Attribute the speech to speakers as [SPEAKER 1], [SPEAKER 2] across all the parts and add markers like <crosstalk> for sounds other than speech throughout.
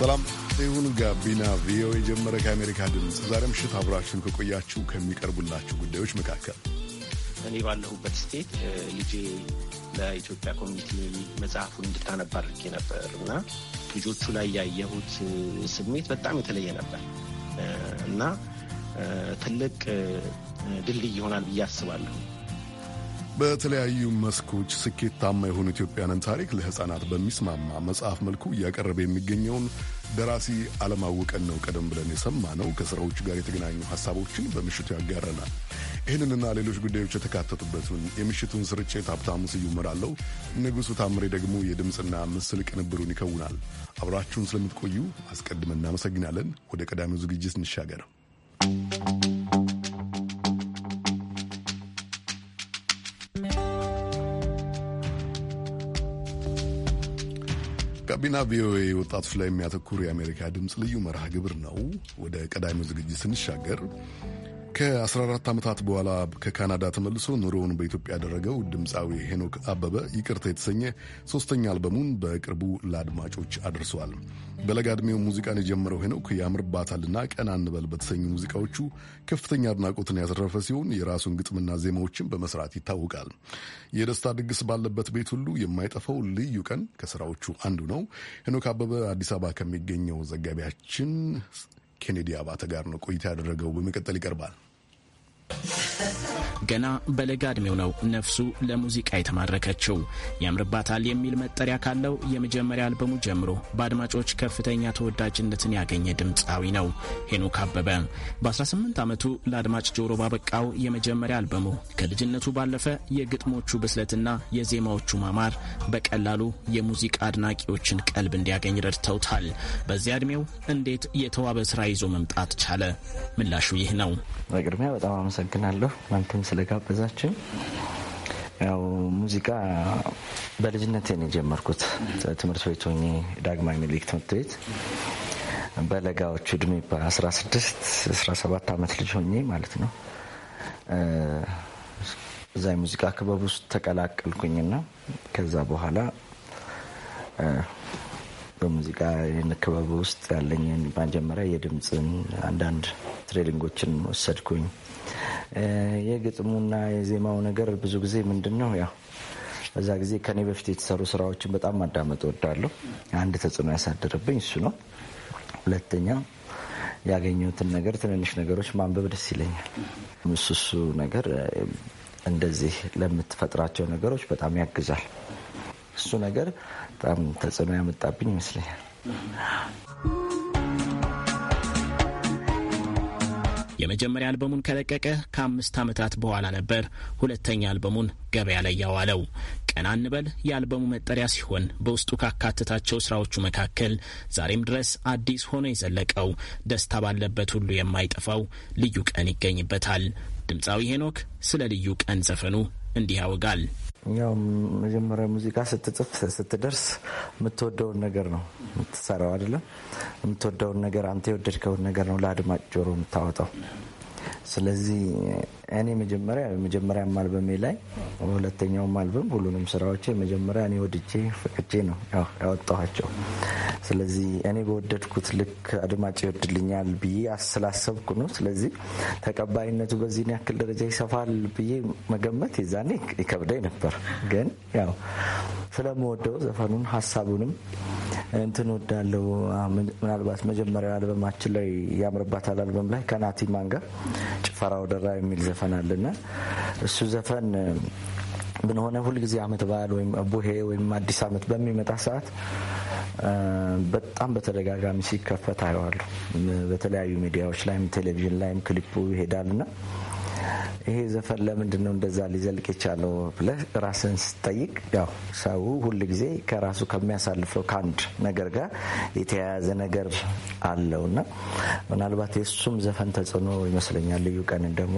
[SPEAKER 1] ሰላም ይሁን። ጋቢና ቪኦኤ ጀመረ። ከአሜሪካ ድምፅ ዛሬ ምሽት አብራችሁን ከቆያችሁ ከሚቀርቡላችሁ ጉዳዮች መካከል
[SPEAKER 2] እኔ ባለሁበት ስቴት ልጄ ለኢትዮጵያ ኮሚኒቲ መጽሐፉን እንድታነባ አድርጌ ነበር እና ልጆቹ ላይ ያየሁት ስሜት በጣም የተለየ ነበር እና ትልቅ ድልድይ ይሆናል ብዬ አስባለሁ።
[SPEAKER 1] በተለያዩ መስኮች ስኬታማ የሆኑ ኢትዮጵያንን ታሪክ ለሕፃናት በሚስማማ መጽሐፍ መልኩ እያቀረበ የሚገኘውን ደራሲ አለማወቀን ነው ቀደም ብለን የሰማ ነው ከሥራዎቹ ጋር የተገናኙ ሐሳቦችን በምሽቱ ያጋረናል። ይህንንና ሌሎች ጉዳዮች የተካተቱበትን የምሽቱን ስርጭት ሀብታሙ ስዩም እመራለሁ። ንጉሡ ታምሬ ደግሞ የድምፅና ምስል ቅንብሩን ይከውናል። አብራችሁን ስለምትቆዩ አስቀድመን እናመሰግናለን። ወደ ቀዳሚው ዝግጅት እንሻገር። ጋቢና ቪኦኤ ወጣቶች ላይ የሚያተኩር የአሜሪካ ድምፅ ልዩ መርሃ ግብር ነው። ወደ ቀዳሚው ዝግጅት ስንሻገር ከ14 ዓመታት በኋላ ከካናዳ ተመልሶ ኑሮውን በኢትዮጵያ ያደረገው ድምፃዊ ሄኖክ አበበ ይቅርታ የተሰኘ ሶስተኛ አልበሙን በቅርቡ ለአድማጮች አድርሷል። በለጋ ዕድሜው ሙዚቃን የጀመረው ሄኖክ ያምርባታልና ቀና እንበል በተሰኙ ሙዚቃዎቹ ከፍተኛ አድናቆትን ያተረፈ ሲሆን የራሱን ግጥምና ዜማዎችን በመስራት ይታወቃል። የደስታ ድግስ ባለበት ቤት ሁሉ የማይጠፋው ልዩ ቀን ከስራዎቹ አንዱ ነው። ሄኖክ አበበ አዲስ አበባ ከሚገኘው ዘጋቢያችን ኬኔዲ አባተ ጋር ነው ቆይታ ያደረገው። በመቀጠል ይቀርባል።
[SPEAKER 3] ገና በለጋ እድሜው ነው ነፍሱ ለሙዚቃ የተማረከችው። ያምርባታል የሚል መጠሪያ ካለው የመጀመሪያ አልበሙ ጀምሮ በአድማጮች ከፍተኛ ተወዳጅነትን ያገኘ ድምፃዊ ነው ሄኖክ አበበ። በ18 ዓመቱ ለአድማጭ ጆሮ ባበቃው የመጀመሪያ አልበሙ ከልጅነቱ ባለፈ የግጥሞቹ ብስለትና የዜማዎቹ ማማር በቀላሉ የሙዚቃ አድናቂዎችን ቀልብ እንዲያገኝ ረድተውታል። በዚያ እድሜው እንዴት የተዋበ ስራ ይዞ መምጣት ቻለ? ምላሹ ይህ ነው። በቅድሚያ በጣም አመሰግናለሁ አመሰግናለሁ። እናንተም
[SPEAKER 4] ስለጋበዛችን። ያው ሙዚቃ በልጅነት ነው የጀመርኩት። ትምህርት ቤት ሆኜ ዳግማዊ ምኒልክ ትምህርት ቤት በለጋዎቹ እድሜ በ16 17 ዓመት ልጅ ሆኜ ማለት ነው እዛ የሙዚቃ ክበብ ውስጥ ተቀላቀልኩኝና ከዛ በኋላ በሙዚቃ ክበብ ውስጥ ያለኝን መጀመሪያ የድምፅን አንዳንድ ትሬሊንጎችን ወሰድኩኝ። የግጥሙና የዜማው ነገር ብዙ ጊዜ ምንድን ነው ያው በዛ ጊዜ ከኔ በፊት የተሰሩ ስራዎችን በጣም ማዳመጥ እወዳለሁ። አንድ ተጽዕኖ ያሳደረብኝ እሱ ነው። ሁለተኛ ያገኘሁትን ነገር ትንንሽ ነገሮች ማንበብ ደስ ይለኛል። እሱ እሱ ነገር እንደዚህ ለምትፈጥራቸው ነገሮች በጣም ያግዛል። እሱ ነገር በጣም ተጽዕኖ ያመጣብኝ ይመስለኛል።
[SPEAKER 3] የመጀመሪያ አልበሙን ከለቀቀ ከአምስት ዓመታት በኋላ ነበር ሁለተኛ አልበሙን ገበያ ላይ ያዋለው። ቀና እንበል የአልበሙ መጠሪያ ሲሆን በውስጡ ካካተታቸው ስራዎቹ መካከል ዛሬም ድረስ አዲስ ሆኖ የዘለቀው ደስታ ባለበት ሁሉ የማይጠፋው ልዩ ቀን ይገኝበታል። ድምፃዊ ሄኖክ ስለ ልዩ ቀን ዘፈኑ እንዲህ ያወጋል።
[SPEAKER 4] ያው መጀመሪያ ሙዚቃ ስትጽፍ ስትደርስ የምትወደውን ነገር ነው የምትሰራው አይደለም። የምትወደውን ነገር አንተ የወደድከውን ነገር ነው ለአድማጭ ጆሮ የምታወጣው። ስለዚህ እኔ መጀመሪያ መጀመሪያ አልበሜ ላይ ሁለተኛውም አልበም ሁሉንም ስራዎች መጀመሪያ እኔ ወድጄ ፈቅጄ ነው ያወጣኋቸው። ስለዚህ እኔ በወደድኩት ልክ አድማጭ ይወድልኛል ብዬ ስላሰብኩ ነው። ስለዚህ ተቀባይነቱ በዚህን ያክል ደረጃ ይሰፋል ብዬ መገመት የዛኔ ይከብዳኝ ነበር። ግን ያው ስለምወደው ዘፈኑን ሀሳቡንም እንትን ወዳለው ምናልባት መጀመሪያ አልበማችን ላይ ያምርባታል አልበም ላይ ከናቲ ማንጋ ጭፈራ ወደራ የሚል ዘፈን አለና እሱ ዘፈን ብንሆነ ሁልጊዜ አመት በዓል ወይም ቡሄ ወይም አዲስ አመት በሚመጣ ሰዓት በጣም በተደጋጋሚ ሲከፈት አየዋለሁ። በተለያዩ ሚዲያዎች ላይም ቴሌቪዥን ላይም ክሊፑ ይሄዳልና ይሄ ዘፈን ለምንድን ነው እንደዛ ሊዘልቅ የቻለው ብለህ ራስን ስትጠይቅ፣ ያው ሰው ሁል ጊዜ ከራሱ ከሚያሳልፈው ከአንድ ነገር ጋር የተያያዘ ነገር አለው እና ምናልባት የእሱም ዘፈን ተጽዕኖ ይመስለኛል። ልዩ ቀንን ደግሞ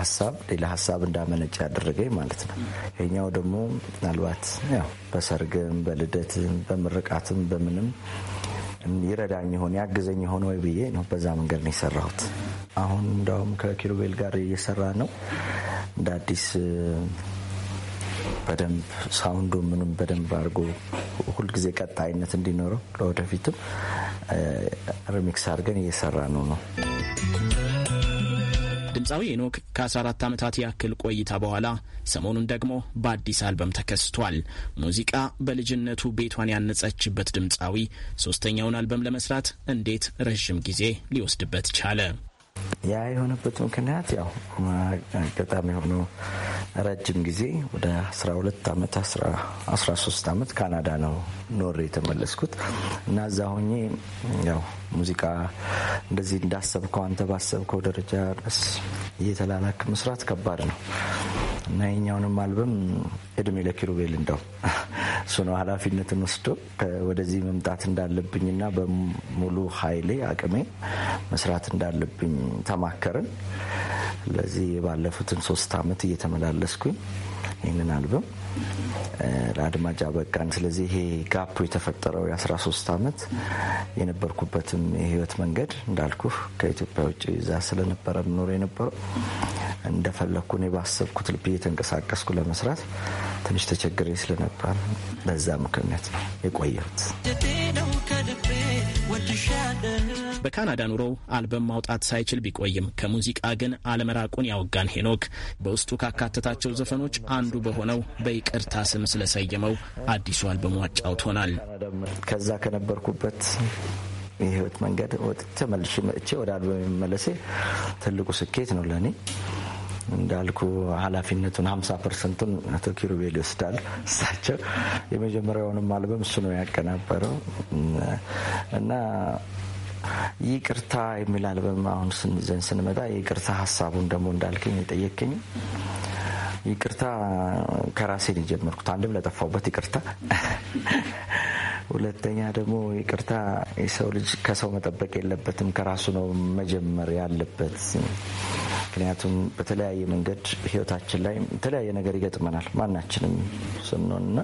[SPEAKER 4] ሀሳብ ሌላ ሀሳብ እንዳመነጭ ያደረገኝ ማለት ነው። ይሄኛው ደግሞ ምናልባት ያው በሰርግም በልደትም በምርቃትም በምንም ይረዳኝ ይሆን ያግዘኝ ይሆን ወይ ብዬ ነው። በዛ መንገድ ነው የሰራሁት። አሁን እንዳውም ከኪሩቤል ጋር እየሰራ ነው እንደ አዲስ በደንብ ሳውንዱ ምንም በደንብ አድርጎ ሁልጊዜ ቀጣይነት እንዲኖረው ለወደፊትም ሪሚክስ አድርገን እየሰራ ነው ነው
[SPEAKER 3] ድምፃዊ ሄኖክ ከ14 ዓመታት ያክል ቆይታ በኋላ ሰሞኑን ደግሞ በአዲስ አልበም ተከስቷል። ሙዚቃ በልጅነቱ ቤቷን ያነጸችበት ድምፃዊ ሶስተኛውን አልበም ለመስራት እንዴት ረዥም ጊዜ ሊወስድበት ቻለ?
[SPEAKER 4] ያ የሆነበት ምክንያት ያው አጋጣሚ የሆነው ረጅም ጊዜ ወደ 12 ዓመት 13 ዓመት ካናዳ ነው ኖሬ የተመለስኩት እና እዛ ሆኜ ያው ሙዚቃ እንደዚህ እንዳሰብከው አንተ ባሰብከው ደረጃ ድረስ እየተላላክ መስራት ከባድ ነው እና የኛውንም አልበም እድሜ ለኪሩቤል እንደው <laughs> እሱ ነው ኃላፊነትን ወስዶ ወደዚህ መምጣት እንዳለብኝና በሙሉ ኃይሌ አቅሜ መስራት እንዳለብኝ ተማከርን። ለዚህ የባለፉትን ሶስት አመት እየተመላለስኩኝ ይህንን አልበም ለአድማጭ አበቃን። ስለዚህ ይሄ ጋፕ የተፈጠረው የ13 ዓመት የነበርኩበትም የህይወት መንገድ እንዳልኩ ከኢትዮጵያ ውጭ እዛ ስለነበረ ኖሮ የነበረው እንደፈለግኩ እኔ ባሰብኩት ልብ የተንቀሳቀስኩ ለመስራት ትንሽ ተቸግሬ ስለነበር
[SPEAKER 3] በዛ ምክንያት ነው የቆየሁት በካናዳ ኑሮው አልበም ማውጣት ሳይችል ቢቆይም ከሙዚቃ ግን አለመራቁን ያወጋን ሄኖክ በውስጡ ካካተታቸው ዘፈኖች አንዱ በሆነው በይቅርታ ስም ስለሰየመው አዲሱ አልበሙ አጫውቶናል። ከዛ ከነበርኩበት የህይወት
[SPEAKER 4] መንገድ ወጥቼ መልሼ መጥቼ ወደ አልበም የመለሴ ትልቁ ስኬት ነው ለእኔ። እንዳልኩ ኃላፊነቱን ሀምሳ ፐርሰንቱን አቶ ኪሩቤል ይወስዳል። እሳቸው የመጀመሪያውንም አልበም እሱ ነው ያቀናበረው እና ይቅርታ የሚል አልበም አሁን ዘን ስንመጣ ይቅርታ ሀሳቡን ደግሞ እንዳልከኝ የጠየቅኝ ይቅርታ ከራሴ ነው የጀመርኩት። አንድም ለጠፋውበት ይቅርታ፣ ሁለተኛ ደግሞ ይቅርታ የሰው ልጅ ከሰው መጠበቅ የለበትም ከራሱ ነው መጀመር ያለበት ምክንያቱም በተለያየ መንገድ ህይወታችን ላይ የተለያየ ነገር ይገጥመናል ማናችንም ስንሆን እና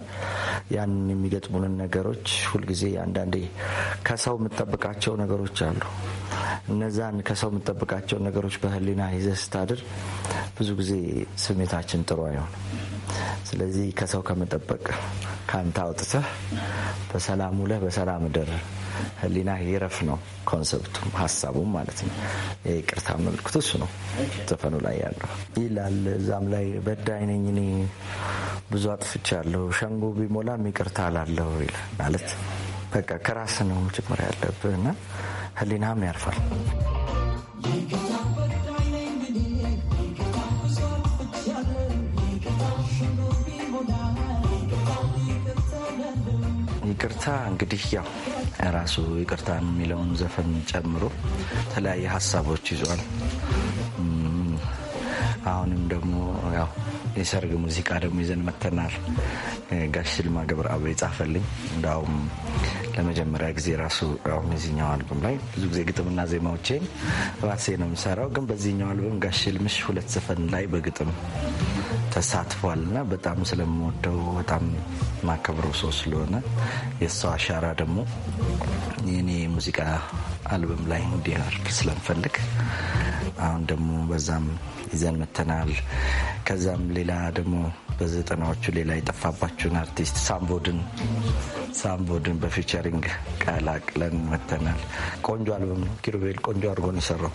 [SPEAKER 4] ያንን የሚገጥሙንን ነገሮች ሁልጊዜ አንዳንዴ ከሰው የምጠብቃቸው ነገሮች አሉ። እነዛን ከሰው የምጠብቃቸውን ነገሮች በህሊና ይዘ ስታድር ብዙ ጊዜ ስሜታችን ጥሩ አይሆን። ስለዚህ ከሰው ከመጠበቅ ከአንተ አውጥተህ በሰላም ውለህ በሰላም እደር፣ ህሊና ይረፍ ነው ኮንሰፕቱ፣ ሀሳቡም ማለት ነው። የይቅርታ መልክቱ እሱ ነው ዘፈኑ ላይ ያለው ይላል። እዛም ላይ በዳይ ነኝ እኔ ብዙ አጥፍቻለሁ፣ ሸንጎ ቢሞላም ይቅርታ አላለሁ ይላል። ማለት በቃ ከራስ ነው ጭምር ያለብህ እና ህሊናም ያርፋል። ይቅርታ እንግዲህ ያው ራሱ ይቅርታ የሚለውን ዘፈን ጨምሮ የተለያየ ሀሳቦች ይዟል። አሁንም ደግሞ ያው የሰርግ ሙዚቃ ደግሞ ይዘን መተናል። ጋሽ ልማ ገብረአብ የጻፈልኝ እንዳውም ለመጀመሪያ ጊዜ ራሱ አሁን የዚኛው አልበም ላይ ብዙ ጊዜ ግጥምና ዜማዎቼን ራሴ ነው የምሰራው፣ ግን በዚህኛው አልበም ጋሽ ልምሽ ሁለት ዘፈን ላይ በግጥም ተሳትፏል እና በጣም ስለምወደው በጣም ማከብረው ሰው ስለሆነ የእሷ አሻራ ደግሞ የኔ ሙዚቃ አልበም ላይ እንዲያርፍ ስለምፈልግ አሁን ደግሞ በዛም ይዘን መተናል። ከዛም ሌላ ደግሞ በዘጠናዎቹ ሌላ የጠፋባችሁን አርቲስት ሳምቦድን ሳምቦድን በፊቸሪንግ ቀላቅለን መተናል። ቆንጆ አልበም ነው። ኪሩቤል ቆንጆ አድርጎ ነው የሰራው።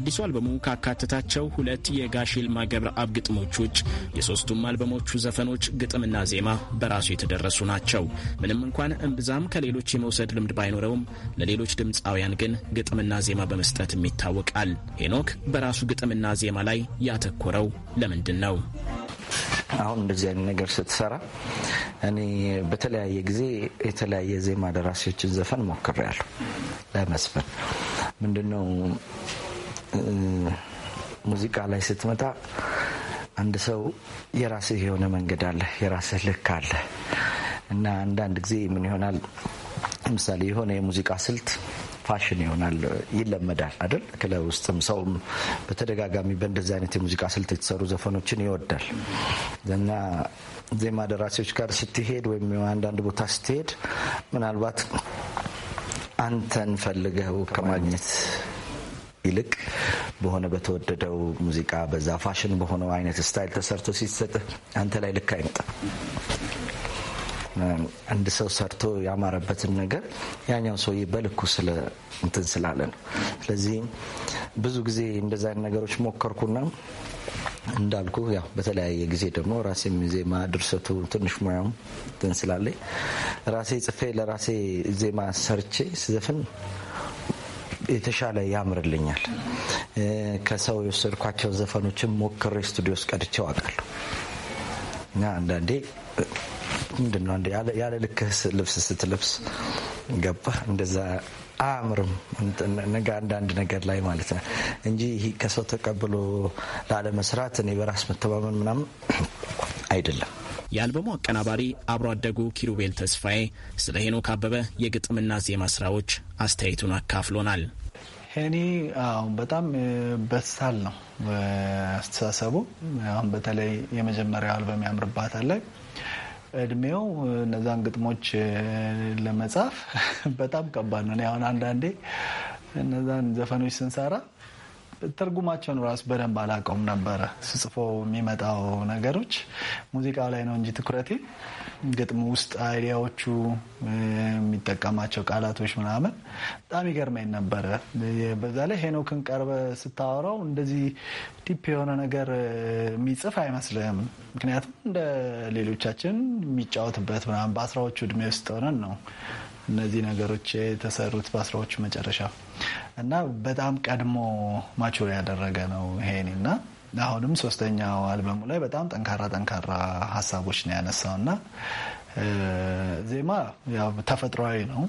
[SPEAKER 3] አዲሱ አልበሙ ካካተታቸው ሁለት የጋሽ ይልማ ገብረአብ ግጥሞች ውጭ የሶስቱም አልበሞቹ ዘፈኖች ግጥምና ዜማ በራሱ የተደረሱ ናቸው። ምንም እንኳን እምብዛም ከሌሎች የመውሰድ ልምድ ባይኖረውም ለሌሎች ድምፃውያን ግን ግጥምና ዜማ በመስጠትም ይታወቃል። ሄኖክ በራሱ ግጥምና ዜማ ላይ ያተኮረው ለምንድን ነው?
[SPEAKER 4] አሁን እንደዚህ አይነት ነገር ስትሰራ እኔ በተለያየ ጊዜ የተለያየ ዜማ ደራሲዎችን ዘፈን ሞክሬያለሁ ለመስፈን ምንድነው ሙዚቃ ላይ ስትመጣ አንድ ሰው የራስህ የሆነ መንገድ አለ፣ የራስህ ልክ አለ እና አንዳንድ ጊዜ ምን ይሆናል ለምሳሌ የሆነ የሙዚቃ ስልት ፋሽን ይሆናል፣ ይለመዳል አይደል? ክለብ ውስጥም ሰውም በተደጋጋሚ በእንደዚህ አይነት የሙዚቃ ስልት የተሰሩ ዘፈኖችን ይወዳል እና ዜማ ደራሲዎች ጋር ስትሄድ ወይም አንዳንድ ቦታ ስትሄድ ምናልባት አንተን ፈልገው ከማግኘት ይልቅ በሆነ በተወደደው ሙዚቃ በዛ ፋሽን በሆነው አይነት ስታይል ተሰርቶ ሲሰጥ አንተ ላይ ልክ አይመጣም። አንድ ሰው ሰርቶ ያማረበትን ነገር ያኛው ሰው በልኩ ስለ እንትን ስላለ ነው። ስለዚህ ብዙ ጊዜ እንደዚ አይነት ነገሮች ሞከርኩና እንዳልኩ ያው በተለያየ ጊዜ ደግሞ ራሴም ዜማ ድርሰቱ ትንሽ ሙያም እንትን ስላለኝ ራሴ ጽፌ ለራሴ ዜማ ሰርቼ ስዘፍን የተሻለ ያምርልኛል። ከሰው የወሰድኳቸው ዘፈኖችን ሞክሬ ስቱዲዮ ውስጥ ቀድቼው አውቃለሁ እና አንዳንዴ ምንድነው ያለ ልክህ ልብስ ስትለብስ ገባ እንደዛ አያምርም አንዳንድ ነገር ላይ ማለት ነው እንጂ ከሰው ተቀብሎ ላለመስራት እኔ በራስ መተማመን ምናምን አይደለም።
[SPEAKER 3] የአልበሙ አቀናባሪ አብሮ አደጉ ኪሩቤል ተስፋዬ ስለ ሄኖክ አበበ የግጥምና ዜማ ስራዎች አስተያየቱን አካፍሎናል።
[SPEAKER 5] ሄኒ አሁን በጣም በሳል ነው አስተሳሰቡ። አሁን በተለይ የመጀመሪያ አልበም ያምርባታል ላይ እድሜው እነዛን ግጥሞች ለመጻፍ <laughs> በጣም ከባድ ነው። አሁን አንዳንዴ እነዛን ዘፈኖች ስንሰራ ትርጉማቸውን ራሱ በደንብ አላውቀውም ነበረ። ስጽፎ የሚመጣው ነገሮች ሙዚቃው ላይ ነው እንጂ ትኩረቴ ግጥም ውስጥ አይዲያዎቹ የሚጠቀማቸው ቃላቶች ምናምን በጣም ይገርመኝ ነበረ። በዛ ላይ ሄኖክን ቀርበ ስታወራው እንደዚህ ዲፕ የሆነ ነገር የሚጽፍ አይመስልም። ምክንያቱም እንደ ሌሎቻችን የሚጫወትበት ምናምን በአስራዎቹ እድሜ ውስጥ ሆነን ነው እነዚህ ነገሮች የተሰሩት በአስራዎቹ መጨረሻ እና በጣም ቀድሞ ማቾር ያደረገ ነው ይሄኔ እና አሁንም ሶስተኛው አልበሙ ላይ በጣም ጠንካራ ጠንካራ ሀሳቦች ነው ያነሳው እና ዜማ ያው ተፈጥሯዊ ነው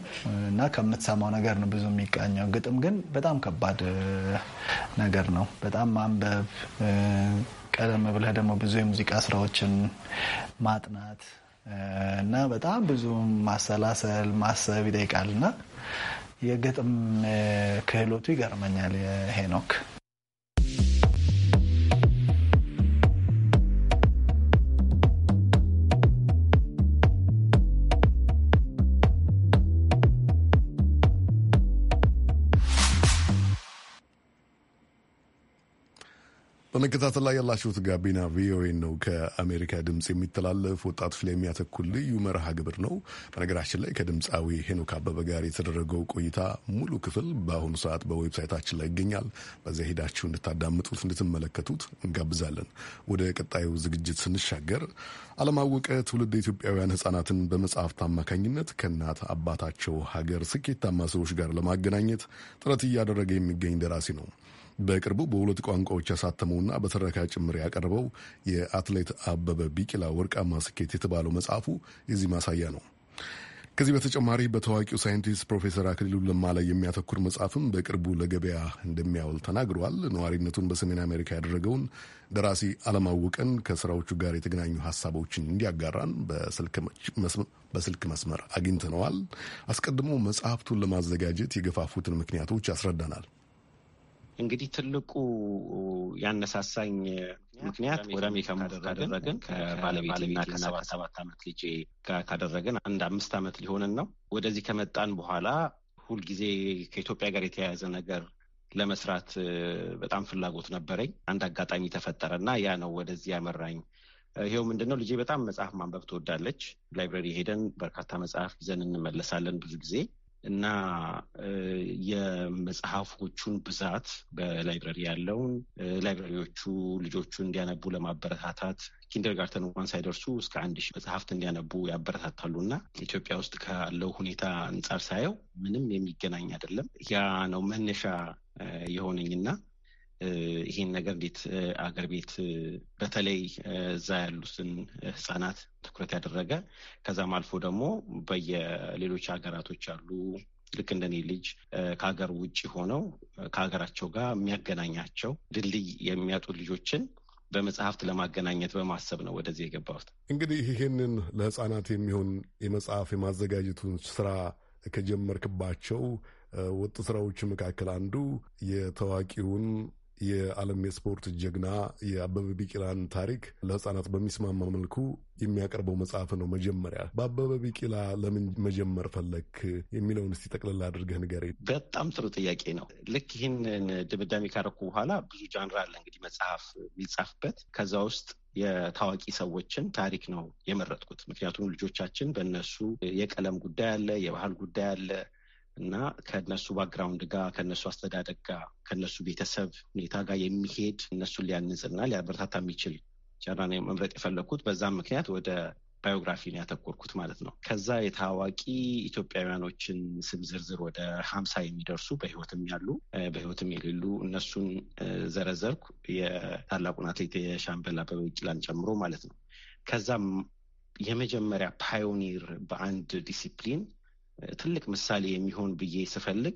[SPEAKER 5] እና ከምትሰማው ነገር ነው ብዙ የሚቃኘው። ግጥም ግን በጣም ከባድ ነገር ነው። በጣም ማንበብ፣ ቀደም ብለህ ደግሞ ብዙ የሙዚቃ ስራዎችን ማጥናት እና በጣም ብዙ ማሰላሰል ማሰብ ይጠይቃል እና የግጥም ክህሎቱ ይገርመኛል የሄኖክ
[SPEAKER 1] በመከታተል ላይ ያላችሁት ጋቢና ቪኦኤ ነው፣ ከአሜሪካ ድምፅ የሚተላለፍ ወጣት ላይ የሚያተኩር ልዩ መርሃ ግብር ነው። በነገራችን ላይ ከድምፃዊ ሄኖክ አበበ ጋር የተደረገው ቆይታ ሙሉ ክፍል በአሁኑ ሰዓት በዌብሳይታችን ላይ ይገኛል። በዚያ ሄዳችሁ እንድታዳምጡት፣ እንድትመለከቱት እንጋብዛለን። ወደ ቀጣዩ ዝግጅት ስንሻገር አለማወቀ ትውልድ ኢትዮጵያውያን ህጻናትን በመጽሐፍት አማካኝነት ከእናት አባታቸው ሀገር ስኬታማ ሰዎች ጋር ለማገናኘት ጥረት እያደረገ የሚገኝ ደራሲ ነው። በቅርቡ በሁለት ቋንቋዎች ያሳተመውና በትረካ ጭምር ያቀረበው የአትሌት አበበ ቢቂላ ወርቃማ ስኬት የተባለው መጽሐፉ የዚህ ማሳያ ነው። ከዚህ በተጨማሪ በታዋቂው ሳይንቲስት ፕሮፌሰር አክሊሉ ለማ ላይ የሚያተኩር መጽሐፍም በቅርቡ ለገበያ እንደሚያውል ተናግረዋል። ነዋሪነቱን በሰሜን አሜሪካ ያደረገውን ደራሲ አለማወቀን ከስራዎቹ ጋር የተገናኙ ሀሳቦችን እንዲያጋራን በስልክ መስመር አግኝተነዋል። አስቀድሞ መጽሐፍቱን ለማዘጋጀት የገፋፉትን ምክንያቶች ያስረዳናል።
[SPEAKER 2] እንግዲህ ትልቁ ያነሳሳኝ ምክንያት ወደ አሜሪካ ካደረግን ከሰባ ሰባት ዓመት ልጄ ጋር ካደረግን አንድ አምስት ዓመት ሊሆንን ነው። ወደዚህ ከመጣን በኋላ ሁልጊዜ ከኢትዮጵያ ጋር የተያያዘ ነገር ለመስራት በጣም ፍላጎት ነበረኝ። አንድ አጋጣሚ ተፈጠረና ያ ነው ወደዚህ ያመራኝ። ይኸው ምንድን ነው ልጄ በጣም መጽሐፍ ማንበብ ትወዳለች። ላይብረሪ ሄደን በርካታ መጽሐፍ ይዘን እንመለሳለን ብዙ ጊዜ እና የመጽሐፎቹን ብዛት በላይብረሪ ያለውን ላይብረሪዎቹ ልጆቹ እንዲያነቡ ለማበረታታት ኪንደርጋርተን እንኳን ሳይደርሱ እስከ አንድ ሺህ መጽሐፍት እንዲያነቡ ያበረታታሉ እና ኢትዮጵያ ውስጥ ካለው ሁኔታ አንጻር ሳየው ምንም የሚገናኝ አይደለም። ያ ነው መነሻ የሆነኝና ይህን ነገር እንዴት አገር ቤት በተለይ እዛ ያሉትን ህጻናት ትኩረት ያደረገ ከዛም አልፎ ደግሞ በየሌሎች ሀገራቶች ያሉ ልክ እንደኔ ልጅ ከሀገር ውጭ ሆነው ከሀገራቸው ጋር የሚያገናኛቸው ድልድይ የሚያጡ ልጆችን በመጽሐፍት ለማገናኘት በማሰብ ነው ወደዚህ የገባሁት።
[SPEAKER 1] እንግዲህ ይህንን ለህጻናት የሚሆን የመጽሐፍ የማዘጋጀቱን ስራ ከጀመርክባቸው ወጥ ስራዎች መካከል አንዱ የታዋቂውን የዓለም የስፖርት ጀግና የአበበ ቢቂላን ታሪክ ለሕፃናት በሚስማማ መልኩ የሚያቀርበው መጽሐፍ ነው። መጀመሪያ በአበበ ቢቂላ ለምን መጀመር ፈለክ የሚለውን እስቲ ጠቅለላ አድርገህ ንገር።
[SPEAKER 2] በጣም ጥሩ ጥያቄ ነው። ልክ ይህን ድምዳሜ ካደረኩ በኋላ ብዙ ጃንራ አለ እንግዲህ መጽሐፍ የሚጻፍበት ከዛ ውስጥ የታዋቂ ሰዎችን ታሪክ ነው የመረጥኩት። ምክንያቱም ልጆቻችን በእነሱ የቀለም ጉዳይ አለ፣ የባህል ጉዳይ አለ እና ከነሱ ባክግራውንድ ጋር ከነሱ አስተዳደግ ጋር ከነሱ ቤተሰብ ሁኔታ ጋር የሚሄድ እነሱን ሊያንጽና ሊያበረታታ የሚችል ጃናን መምረጥ የፈለግኩት በዛም ምክንያት ወደ ባዮግራፊ ነው ያተኮርኩት ማለት ነው። ከዛ የታዋቂ ኢትዮጵያውያኖችን ስም ዝርዝር ወደ ሀምሳ የሚደርሱ በህይወትም ያሉ በህይወትም የሌሉ እነሱን ዘረዘርኩ የታላቁን አትሌት የሻምበል አበበ ቢቂላን ጨምሮ ማለት ነው። ከዛም የመጀመሪያ ፓዮኒር በአንድ ዲሲፕሊን ትልቅ ምሳሌ የሚሆን ብዬ ስፈልግ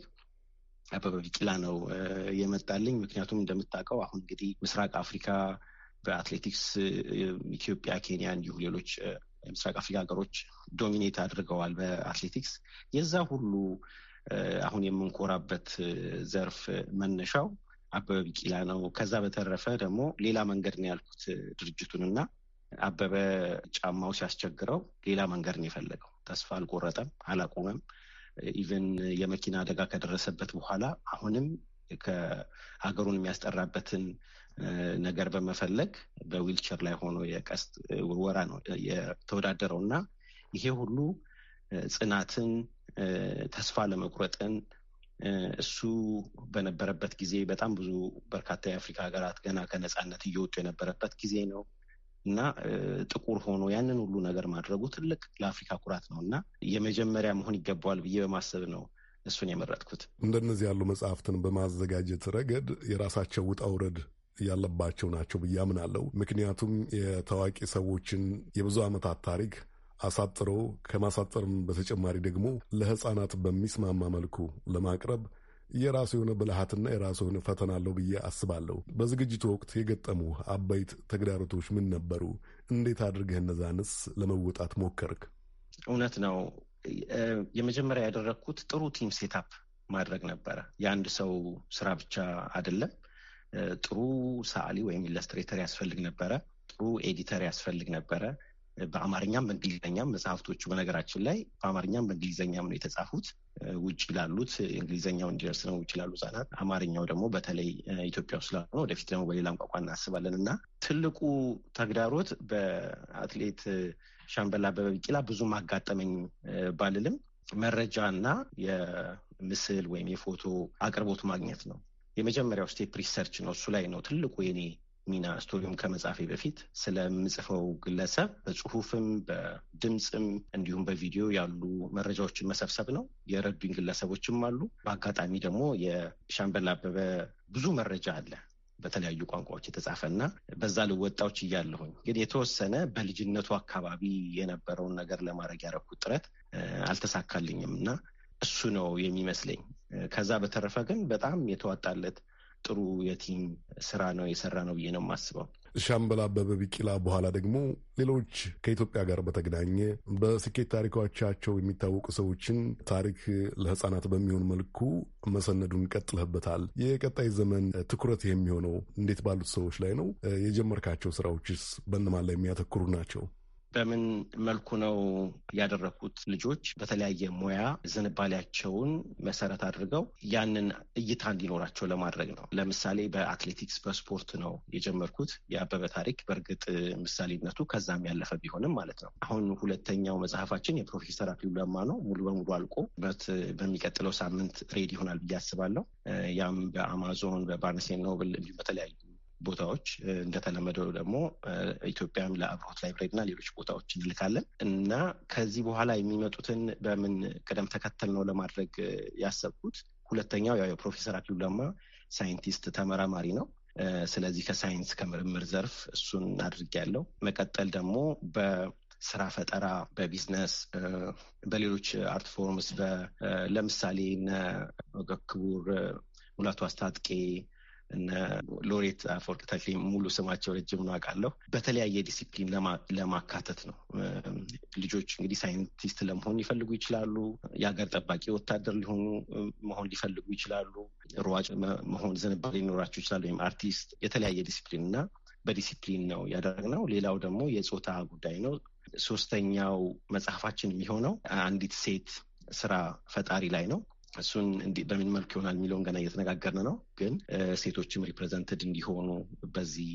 [SPEAKER 2] አበበ ቢቂላ ነው የመጣልኝ። ምክንያቱም እንደምታውቀው አሁን እንግዲህ ምስራቅ አፍሪካ በአትሌቲክስ ኢትዮጵያ፣ ኬንያ እንዲሁም ሌሎች የምስራቅ አፍሪካ ሀገሮች ዶሚኔት አድርገዋል በአትሌቲክስ። የዛ ሁሉ አሁን የምንኮራበት ዘርፍ መነሻው አበበ ቢቂላ ነው። ከዛ በተረፈ ደግሞ ሌላ መንገድ ነው ያልኩት ድርጅቱን እና አበበ ጫማው ሲያስቸግረው ሌላ መንገድ ነው የፈለገው ተስፋ አልቆረጠም፣ አላቆመም። ኢቨን የመኪና አደጋ ከደረሰበት በኋላ አሁንም ከሀገሩን የሚያስጠራበትን ነገር በመፈለግ በዊልቸር ላይ ሆኖ የቀስት ውርወራ ነው የተወዳደረው እና ይሄ ሁሉ ጽናትን፣ ተስፋ ለመቁረጥን እሱ በነበረበት ጊዜ በጣም ብዙ በርካታ የአፍሪካ ሀገራት ገና ከነጻነት እየወጡ የነበረበት ጊዜ ነው። እና ጥቁር ሆኖ ያንን ሁሉ ነገር ማድረጉ ትልቅ ለአፍሪካ ኩራት ነው እና የመጀመሪያ መሆን ይገባዋል ብዬ በማሰብ ነው እሱን የመረጥኩት።
[SPEAKER 1] እንደነዚህ ያሉ መጽሐፍትን በማዘጋጀት ረገድ የራሳቸው ውጣ ውረድ ያለባቸው ናቸው ብዬ አምናለሁ። ምክንያቱም የታዋቂ ሰዎችን የብዙ ዓመታት ታሪክ አሳጥሮ ከማሳጠርም በተጨማሪ ደግሞ ለሕፃናት በሚስማማ መልኩ ለማቅረብ የራሱ የሆነ ብልሃትና የራሱ የሆነ ፈተና አለው ብዬ አስባለሁ። በዝግጅቱ ወቅት የገጠሙ አበይት ተግዳሮቶች ምን ነበሩ? እንዴት አድርገህ እነዛንስ ለመወጣት ሞከርክ?
[SPEAKER 2] እውነት ነው። የመጀመሪያ ያደረግኩት ጥሩ ቲም ሴታፕ ማድረግ ነበረ። የአንድ ሰው ስራ ብቻ አይደለም። ጥሩ ሰዓሊ ወይም ኢለስትሬተር ያስፈልግ ነበረ። ጥሩ ኤዲተር ያስፈልግ ነበረ። በአማርኛም በእንግሊዝኛም መጽሐፍቶቹ በነገራችን ላይ በአማርኛም በእንግሊዝኛም ነው የተጻፉት። ውጭ ላሉት እንግሊዝኛው እንዲደርስ ነው ውጭ ላሉ ህጻናት፣ አማርኛው ደግሞ በተለይ ኢትዮጵያ ውስጥ ላሉ ወደፊት ደግሞ በሌላም ቋንቋ እናስባለን እና ትልቁ ተግዳሮት በአትሌት ሻምበል አበበ ቢቂላ ብዙም አጋጠመኝ ባልልም መረጃ እና የምስል ወይም የፎቶ አቅርቦት ማግኘት ነው። የመጀመሪያው ስቴፕ ሪሰርች ነው። እሱ ላይ ነው ትልቁ የኔ ሚና ስቶሪውን ከመጻፌ በፊት ስለምጽፈው ግለሰብ በጽሁፍም በድምፅም እንዲሁም በቪዲዮ ያሉ መረጃዎችን መሰብሰብ ነው። የረዱኝ ግለሰቦችም አሉ። በአጋጣሚ ደግሞ የሻምበል አበበ ብዙ መረጃ አለ በተለያዩ ቋንቋዎች የተጻፈ እና በዛ ልወጣዎች እያለሁኝ ግን የተወሰነ በልጅነቱ አካባቢ የነበረውን ነገር ለማድረግ ያደረኩት ጥረት አልተሳካልኝም እና እሱ ነው የሚመስለኝ። ከዛ በተረፈ ግን በጣም የተዋጣለት ጥሩ የቲም ስራ ነው የሰራ ነው ብዬ ነው የማስበው።
[SPEAKER 1] ሻምበል አበበ ቢቂላ በኋላ ደግሞ ሌሎች ከኢትዮጵያ ጋር በተገናኘ በስኬት ታሪኮቻቸው የሚታወቁ ሰዎችን ታሪክ ለሕፃናት በሚሆን መልኩ መሰነዱን ቀጥለህበታል። የቀጣይ ዘመን ትኩረት የሚሆነው እንዴት ባሉት ሰዎች ላይ ነው? የጀመርካቸው ስራዎችስ በእነማን ላይ የሚያተኩሩ ናቸው?
[SPEAKER 2] በምን መልኩ ነው ያደረኩት? ልጆች በተለያየ ሙያ ዝንባሌያቸውን መሰረት አድርገው ያንን እይታ እንዲኖራቸው ለማድረግ ነው። ለምሳሌ በአትሌቲክስ በስፖርት ነው የጀመርኩት። የአበበ ታሪክ በእርግጥ ምሳሌነቱ ከዛም ያለፈ ቢሆንም ማለት ነው። አሁን ሁለተኛው መጽሐፋችን የፕሮፌሰር አክሊሉ ለማ ነው። ሙሉ በሙሉ አልቆ በሚቀጥለው ሳምንት ሬድ ይሆናል ብዬ አስባለሁ። ያም በአማዞን በባርነስ ኤንድ ኖብል እንዲሁም በተለያዩ ቦታዎች እንደተለመደው ደግሞ ኢትዮጵያም ለአብሮት ላይብረሪ እና ሌሎች ቦታዎች እንልካለን እና ከዚህ በኋላ የሚመጡትን በምን ቅደም ተከተል ነው ለማድረግ ያሰብኩት። ሁለተኛው ያው የፕሮፌሰር አክሊሉ ለማ ሳይንቲስት ተመራማሪ ነው። ስለዚህ ከሳይንስ ከምርምር ዘርፍ እሱን አድርጌያለሁ። መቀጠል ደግሞ በስራ ፈጠራ፣ በቢዝነስ፣ በሌሎች አርት ፎርምስ ለምሳሌ ክቡር ሙላቱ አስታጥቄ እነ ሎሬት አፈወርቅ ተክሌ ሙሉ ስማቸው ረጅም ነው አውቃለሁ። በተለያየ ዲሲፕሊን ለማካተት ነው። ልጆች እንግዲህ ሳይንቲስት ለመሆን ሊፈልጉ ይችላሉ። የሀገር ጠባቂ ወታደር ሊሆኑ መሆን ሊፈልጉ ይችላሉ። ሯጭ መሆን ዝንባሌ ሊኖራቸው ይችላሉ። ወይም አርቲስት፣ የተለያየ ዲሲፕሊን እና በዲሲፕሊን ነው ያደረግነው። ሌላው ደግሞ የፆታ ጉዳይ ነው። ሶስተኛው መጽሐፋችን የሚሆነው አንዲት ሴት ስራ ፈጣሪ ላይ ነው። እሱን በምን መልክ ይሆናል የሚለውን ገና እየተነጋገርን ነው። ግን ሴቶችም ሪፕሬዘንትድ እንዲሆኑ በዚህ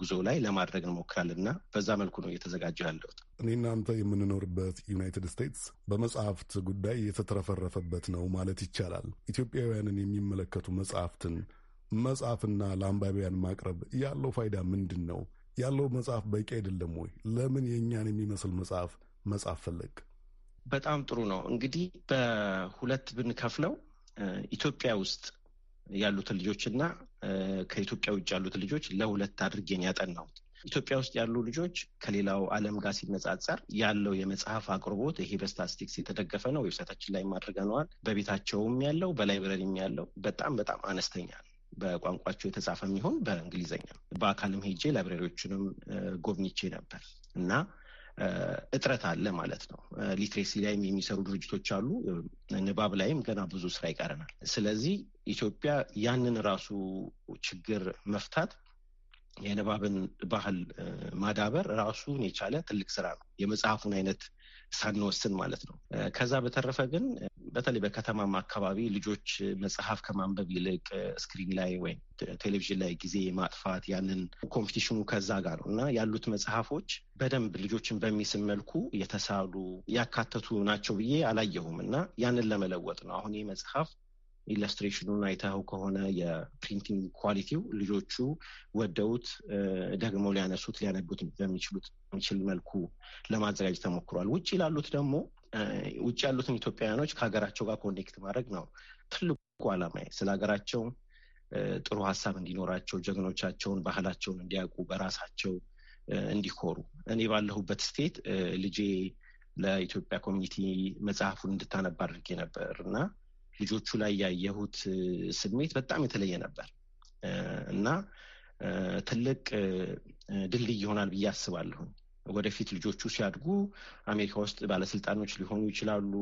[SPEAKER 2] ጉዞ ላይ ለማድረግ እንሞክራለን እና በዛ መልኩ ነው እየተዘጋጀ ያለሁት።
[SPEAKER 1] እኔ እናንተ የምንኖርበት ዩናይትድ ስቴትስ በመጽሐፍት ጉዳይ የተትረፈረፈበት ነው ማለት ይቻላል። ኢትዮጵያውያንን የሚመለከቱ መጽሐፍትን መጽሐፍና ለአንባቢያን ማቅረብ ያለው ፋይዳ ምንድን ነው? ያለው መጽሐፍ በቂ አይደለም ወይ? ለምን የእኛን የሚመስል መጽሐፍ መጽሐፍ ፈለግ
[SPEAKER 2] በጣም ጥሩ ነው። እንግዲህ በሁለት ብንከፍለው ኢትዮጵያ ውስጥ ያሉት ልጆች እና ከኢትዮጵያ ውጭ ያሉት ልጆች ለሁለት አድርጌን ያጠናሁት። ኢትዮጵያ ውስጥ ያሉ ልጆች ከሌላው ዓለም ጋር ሲነጻጸር ያለው የመጽሐፍ አቅርቦት ይሄ በስታትስቲክስ የተደገፈ ነው። ዌብሳይታችን ላይ አድርገነዋል። በቤታቸውም ያለው በላይብረሪም ያለው በጣም በጣም አነስተኛ ነው። በቋንቋቸው የተጻፈ የሚሆን በእንግሊዝኛ። በአካልም ሄጄ ላይብረሪዎቹንም ጎብኝቼ ነበር እና እጥረት አለ ማለት ነው። ሊትሬሲ ላይም የሚሰሩ ድርጅቶች አሉ። ንባብ ላይም ገና ብዙ ስራ ይቀረናል። ስለዚህ ኢትዮጵያ ያንን ራሱ ችግር መፍታት የንባብን ባህል ማዳበር ራሱን የቻለ ትልቅ ስራ ነው። የመጽሐፉን አይነት ሳንወስን ማለት ነው። ከዛ በተረፈ ግን በተለይ በከተማም አካባቢ ልጆች መጽሐፍ ከማንበብ ይልቅ ስክሪን ላይ ወይም ቴሌቪዥን ላይ ጊዜ ማጥፋት ያንን ኮምፒቲሽኑ ከዛ ጋር ነው እና ያሉት መጽሐፎች በደንብ ልጆችን በሚስብ መልኩ የተሳሉ ያካተቱ ናቸው ብዬ አላየሁም እና ያንን ለመለወጥ ነው አሁን ይህ መጽሐፍ ኢለስትሬሽኑን አይታው ከሆነ የፕሪንቲንግ ኳሊቲው ልጆቹ ወደውት ደግሞ ሊያነሱት ሊያነቡት በሚችሉት የሚችል መልኩ ለማዘጋጀት ተሞክሯል። ውጭ ላሉት ደግሞ ውጭ ያሉትን ኢትዮጵያውያኖች ከሀገራቸው ጋር ኮኔክት ማድረግ ነው ትልቁ ዓላማ። ስለ ሀገራቸው ጥሩ ሀሳብ እንዲኖራቸው፣ ጀግኖቻቸውን፣ ባህላቸውን እንዲያውቁ፣ በራሳቸው እንዲኮሩ እኔ ባለሁበት ስቴት ልጄ ለኢትዮጵያ ኮሚኒቲ መጽሐፉን እንድታነባ አድርጌ ነበር እና ልጆቹ ላይ ያየሁት ስሜት በጣም የተለየ ነበር እና ትልቅ ድልድይ ይሆናል ብዬ አስባለሁ። ወደፊት ልጆቹ ሲያድጉ አሜሪካ ውስጥ ባለስልጣኖች ሊሆኑ ይችላሉ፣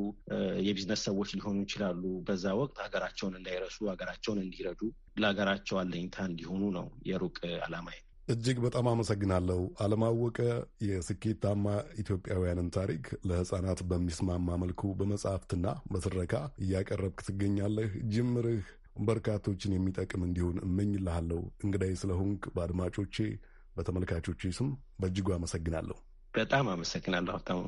[SPEAKER 2] የቢዝነስ ሰዎች ሊሆኑ ይችላሉ። በዛ ወቅት ሀገራቸውን እንዳይረሱ፣ ሀገራቸውን እንዲረዱ፣ ለሀገራቸው አለኝታ እንዲሆኑ ነው የሩቅ ዓላማዬ።
[SPEAKER 1] እጅግ በጣም አመሰግናለሁ አለማወቀ። የስኬታማ ኢትዮጵያውያንን ታሪክ ለሕፃናት በሚስማማ መልኩ በመጽሐፍትና በትረካ እያቀረብክ ትገኛለህ። ጅምርህ በርካቶችን የሚጠቅም እንዲሆን እመኝልሃለሁ። እንግዳይ ስለሆንክ በአድማጮቼ በተመልካቾቼ ስም በእጅጉ አመሰግናለሁ። በጣም አመሰግናለሁ ሀብታሙ።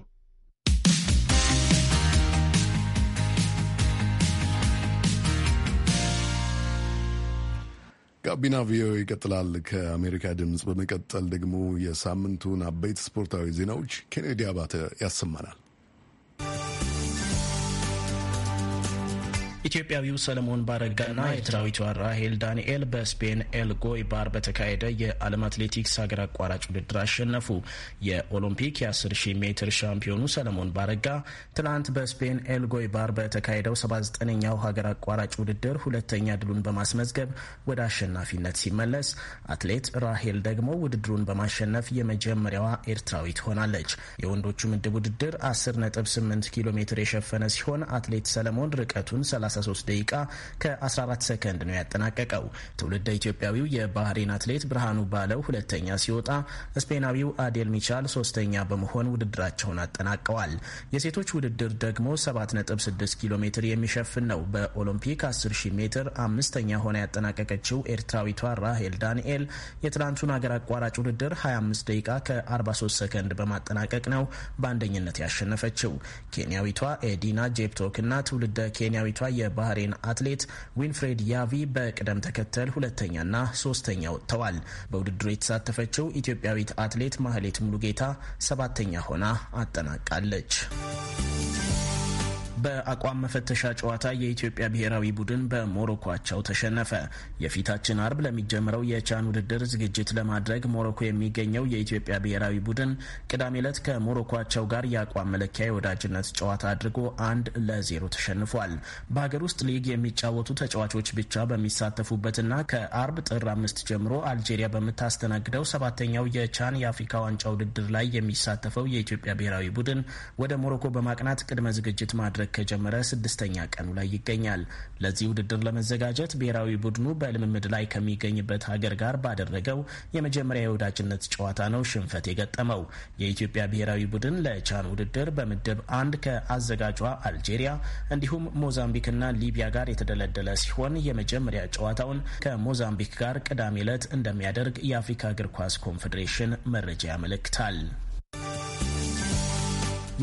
[SPEAKER 1] ጋቢና ቪኦኤ ይቀጥላል። ከአሜሪካ ድምፅ በመቀጠል ደግሞ የሳምንቱን አበይት ስፖርታዊ ዜናዎች ኬኔዲ አባተ ያሰማናል።
[SPEAKER 3] ኢትዮጵያዊው ሰለሞን ባረጋና ኤርትራዊቷ ራሄል ዳንኤል በስፔን ኤልጎይ ባር በተካሄደ የዓለም አትሌቲክስ ሀገር አቋራጭ ውድድር አሸነፉ። የኦሎምፒክ የ10,000 ሜትር ሻምፒዮኑ ሰለሞን ባረጋ ትናንት በስፔን ኤልጎይ ባር በተካሄደው 79ኛው ሀገር አቋራጭ ውድድር ሁለተኛ ድሉን በማስመዝገብ ወደ አሸናፊነት ሲመለስ፣ አትሌት ራሄል ደግሞ ውድድሩን በማሸነፍ የመጀመሪያዋ ኤርትራዊት ሆናለች። የወንዶቹ ምድብ ውድድር 10.8 ኪሎ ሜትር የሸፈነ ሲሆን አትሌት ሰለሞን ርቀቱን 30 ከ ደቂቃ ከ14 ሰከንድ ነው ያጠናቀቀው። ትውልደ ኢትዮጵያዊው የባህሬን አትሌት ብርሃኑ ባለው ሁለተኛ ሲወጣ፣ ስፔናዊው አዴል ሚቻል ሶስተኛ በመሆን ውድድራቸውን አጠናቀዋል። የሴቶች ውድድር ደግሞ 7.6 ኪሎ ሜትር የሚሸፍን ነው። በኦሎምፒክ 10,000 ሜትር አምስተኛ ሆና ያጠናቀቀችው ኤርትራዊቷ ራሄል ዳንኤል የትናንቱን አገር አቋራጭ ውድድር 25 ደቂቃ ከ43 ሰከንድ በማጠናቀቅ ነው በአንደኝነት ያሸነፈችው። ኬንያዊቷ ኤዲና ጄፕቶክ እና ትውልደ ኬንያዊቷ የባህሬን አትሌት ዊንፍሬድ ያቪ በቅደም ተከተል ሁለተኛና ሶስተኛ ወጥተዋል። በውድድሩ የተሳተፈችው ኢትዮጵያዊት አትሌት ማህሌት ሙሉጌታ ሰባተኛ ሆና አጠናቃለች። በአቋም መፈተሻ ጨዋታ የኢትዮጵያ ብሔራዊ ቡድን በሞሮኳቸው ተሸነፈ። የፊታችን አርብ ለሚጀምረው የቻን ውድድር ዝግጅት ለማድረግ ሞሮኮ የሚገኘው የኢትዮጵያ ብሔራዊ ቡድን ቅዳሜ ዕለት ከሞሮኳቸው ጋር የአቋም መለኪያ የወዳጅነት ጨዋታ አድርጎ አንድ ለዜሮ ተሸንፏል። በሀገር ውስጥ ሊግ የሚጫወቱ ተጫዋቾች ብቻ በሚሳተፉበትና ከአርብ ጥር አምስት ጀምሮ አልጄሪያ በምታስተናግደው ሰባተኛው የቻን የአፍሪካ ዋንጫ ውድድር ላይ የሚሳተፈው የኢትዮጵያ ብሔራዊ ቡድን ወደ ሞሮኮ በማቅናት ቅድመ ዝግጅት ማድረግ ማድረግ ከጀመረ ስድስተኛ ቀኑ ላይ ይገኛል። ለዚህ ውድድር ለመዘጋጀት ብሔራዊ ቡድኑ በልምምድ ላይ ከሚገኝበት ሀገር ጋር ባደረገው የመጀመሪያ የወዳጅነት ጨዋታ ነው ሽንፈት የገጠመው። የኢትዮጵያ ብሔራዊ ቡድን ለቻን ውድድር በምድብ አንድ ከአዘጋጇ አልጄሪያ እንዲሁም ሞዛምቢክና ሊቢያ ጋር የተደለደለ ሲሆን የመጀመሪያ ጨዋታውን ከሞዛምቢክ ጋር ቅዳሜ ዕለት እንደሚያደርግ የአፍሪካ እግር ኳስ ኮንፌዴሬሽን መረጃ ያመለክታል።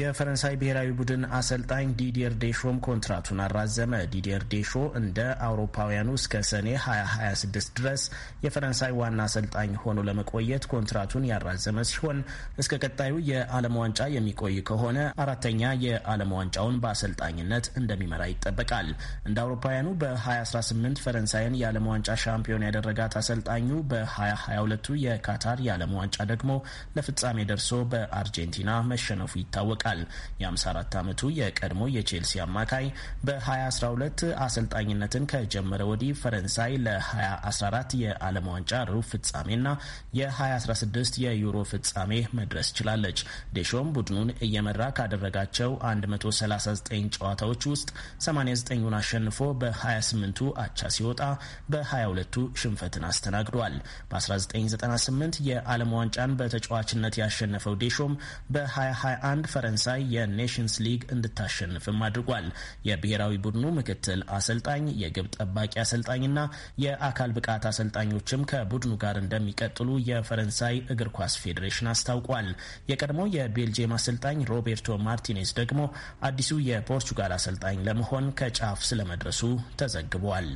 [SPEAKER 3] የፈረንሳይ ብሔራዊ ቡድን አሰልጣኝ ዲዲየር ዴሾም ኮንትራቱን አራዘመ። ዲዲየር ዴሾ እንደ አውሮፓውያኑ እስከ ሰኔ 2026 ድረስ የፈረንሳይ ዋና አሰልጣኝ ሆኖ ለመቆየት ኮንትራቱን ያራዘመ ሲሆን እስከ ቀጣዩ የዓለም ዋንጫ የሚቆይ ከሆነ አራተኛ የዓለም ዋንጫውን በአሰልጣኝነት እንደሚመራ ይጠበቃል። እንደ አውሮፓውያኑ በ2018 ፈረንሳይን የዓለም ዋንጫ ሻምፒዮን ያደረጋት አሰልጣኙ በ2022 የካታር የዓለም ዋንጫ ደግሞ ለፍጻሜ ደርሶ በአርጀንቲና መሸነፉ ይታወቃል። ይታወቃል። የ54 ዓመቱ የቀድሞ የቼልሲ አማካይ በ2012 አሰልጣኝነትን ከጀመረ ወዲህ ፈረንሳይ ለ2014 የዓለም ዋንጫ ሩብ ፍጻሜና የ2016 የዩሮ ፍጻሜ መድረስ ችላለች። ዴሾም ቡድኑን እየመራ ካደረጋቸው 139 ጨዋታዎች ውስጥ 89ን አሸንፎ በ28ቱ አቻ ሲወጣ በ22ቱ ሽንፈትን አስተናግዷል። በ1998 የዓለም ዋንጫን በተጫዋችነት ያሸነፈው ዴሾም በ2021 ፈረንሳይ ፈረንሳይ የኔሽንስ ሊግ እንድታሸንፍም አድርጓል። የብሔራዊ ቡድኑ ምክትል አሰልጣኝ፣ የግብ ጠባቂ አሰልጣኝና የአካል ብቃት አሰልጣኞችም ከቡድኑ ጋር እንደሚቀጥሉ የፈረንሳይ እግር ኳስ ፌዴሬሽን አስታውቋል። የቀድሞው የቤልጅየም አሰልጣኝ ሮቤርቶ ማርቲኔዝ ደግሞ አዲሱ የፖርቹጋል አሰልጣኝ ለመሆን ከጫፍ ስለመድረሱ ተዘግቧል።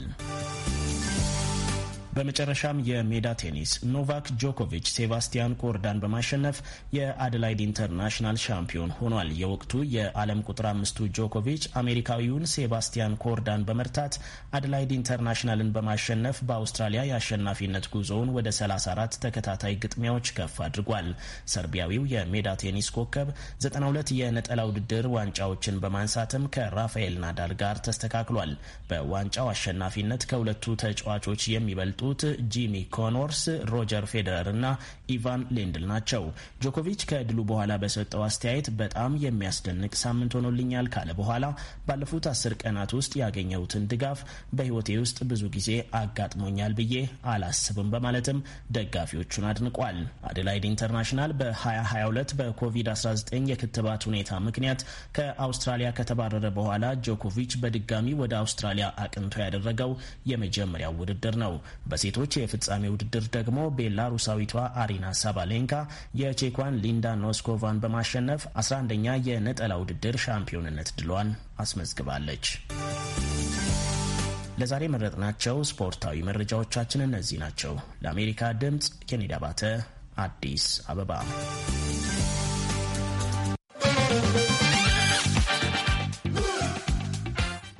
[SPEAKER 3] በመጨረሻም የሜዳ ቴኒስ ኖቫክ ጆኮቪች ሴባስቲያን ኮርዳን በማሸነፍ የአደላይድ ኢንተርናሽናል ሻምፒዮን ሆኗል። የወቅቱ የዓለም ቁጥር አምስቱ ጆኮቪች አሜሪካዊውን ሴባስቲያን ኮርዳን በመርታት አደላይድ ኢንተርናሽናልን በማሸነፍ በአውስትራሊያ የአሸናፊነት ጉዞውን ወደ 34 ተከታታይ ግጥሚያዎች ከፍ አድርጓል። ሰርቢያዊው የሜዳ ቴኒስ ኮከብ 92 የነጠላ ውድድር ዋንጫዎችን በማንሳትም ከራፋኤል ናዳል ጋር ተስተካክሏል። በዋንጫው አሸናፊነት ከሁለቱ ተጫዋቾች የሚበልጥ የበለጡት ጂሚ ኮኖርስ፣ ሮጀር ፌዴረር እና ኢቫን ሌንድል ናቸው። ጆኮቪች ከድሉ በኋላ በሰጠው አስተያየት በጣም የሚያስደንቅ ሳምንት ሆኖልኛል ካለ በኋላ ባለፉት አስር ቀናት ውስጥ ያገኘሁትን ድጋፍ በሕይወቴ ውስጥ ብዙ ጊዜ አጋጥሞኛል ብዬ አላስብም በማለትም ደጋፊዎቹን አድንቋል። አደላይድ ኢንተርናሽናል በ2022 በኮቪድ-19 የክትባት ሁኔታ ምክንያት ከአውስትራሊያ ከተባረረ በኋላ ጆኮቪች በድጋሚ ወደ አውስትራሊያ አቅንቶ ያደረገው የመጀመሪያው ውድድር ነው። በሴቶች የፍጻሜ ውድድር ደግሞ ቤላሩሳዊቷ አሪና ሳባሌንካ የቼኳን ሊንዳ ኖስኮቫን በማሸነፍ 11ኛ የነጠላ ውድድር ሻምፒዮንነት ድሏን አስመዝግባለች። ለዛሬ መረጥናቸው ስፖርታዊ መረጃዎቻችን እነዚህ ናቸው። ለአሜሪካ ድምፅ ኬኔዲ አባተ አዲስ አበባ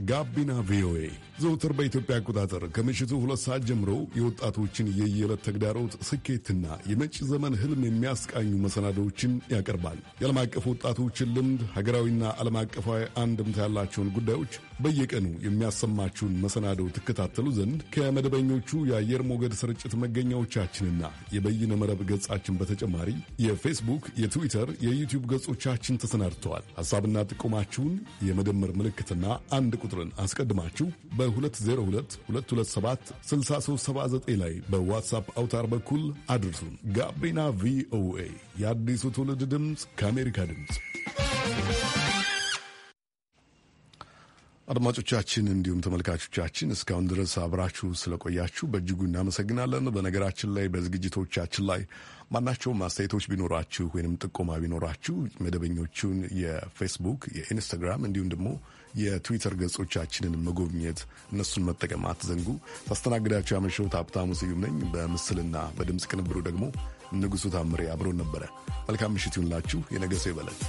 [SPEAKER 1] ጋቢና ቪኦኤ ዘውትር በኢትዮጵያ አቆጣጠር ከምሽቱ ሁለት ሰዓት ጀምሮ የወጣቶችን የየዕለት ተግዳሮት ስኬትና የመጪ ዘመን ህልም የሚያስቃኙ መሰናዶዎችን ያቀርባል። የዓለም አቀፍ ወጣቶችን ልምድ፣ ሀገራዊና ዓለም አቀፋዊ አንድምታ ያላቸውን ጉዳዮች በየቀኑ የሚያሰማችሁን መሰናደው ትከታተሉ ዘንድ ከመደበኞቹ የአየር ሞገድ ስርጭት መገኛዎቻችንና የበይነ መረብ ገጻችን በተጨማሪ የፌስቡክ፣ የትዊተር፣ የዩቲዩብ ገጾቻችን ተሰናድተዋል። ሐሳብና ጥቆማችሁን የመደመር ምልክትና አንድ ቁጥርን አስቀድማችሁ በ2022276379 ላይ በዋትሳፕ አውታር በኩል አድርሱን። ጋቢና ቪኦኤ የአዲሱ ትውልድ ድምፅ ከአሜሪካ ድምፅ አድማጮቻችን እንዲሁም ተመልካቾቻችን እስካሁን ድረስ አብራችሁ ስለቆያችሁ በእጅጉ እናመሰግናለን። በነገራችን ላይ በዝግጅቶቻችን ላይ ማናቸውም አስተያየቶች ቢኖራችሁ ወይንም ጥቆማ ቢኖራችሁ መደበኞቹን የፌስቡክ፣ የኢንስታግራም እንዲሁም ደግሞ የትዊተር ገጾቻችንን መጎብኘት እነሱን መጠቀም አትዘንጉ። ታስተናግዳቸው ያመሸሁት ሀብታሙ ስዩም ነኝ። በምስልና በድምፅ ቅንብሩ ደግሞ ንጉሡ ታምሬ አብሮን ነበረ። መልካም ምሽት ይሁንላችሁ። የነገ ሰው ይበለን።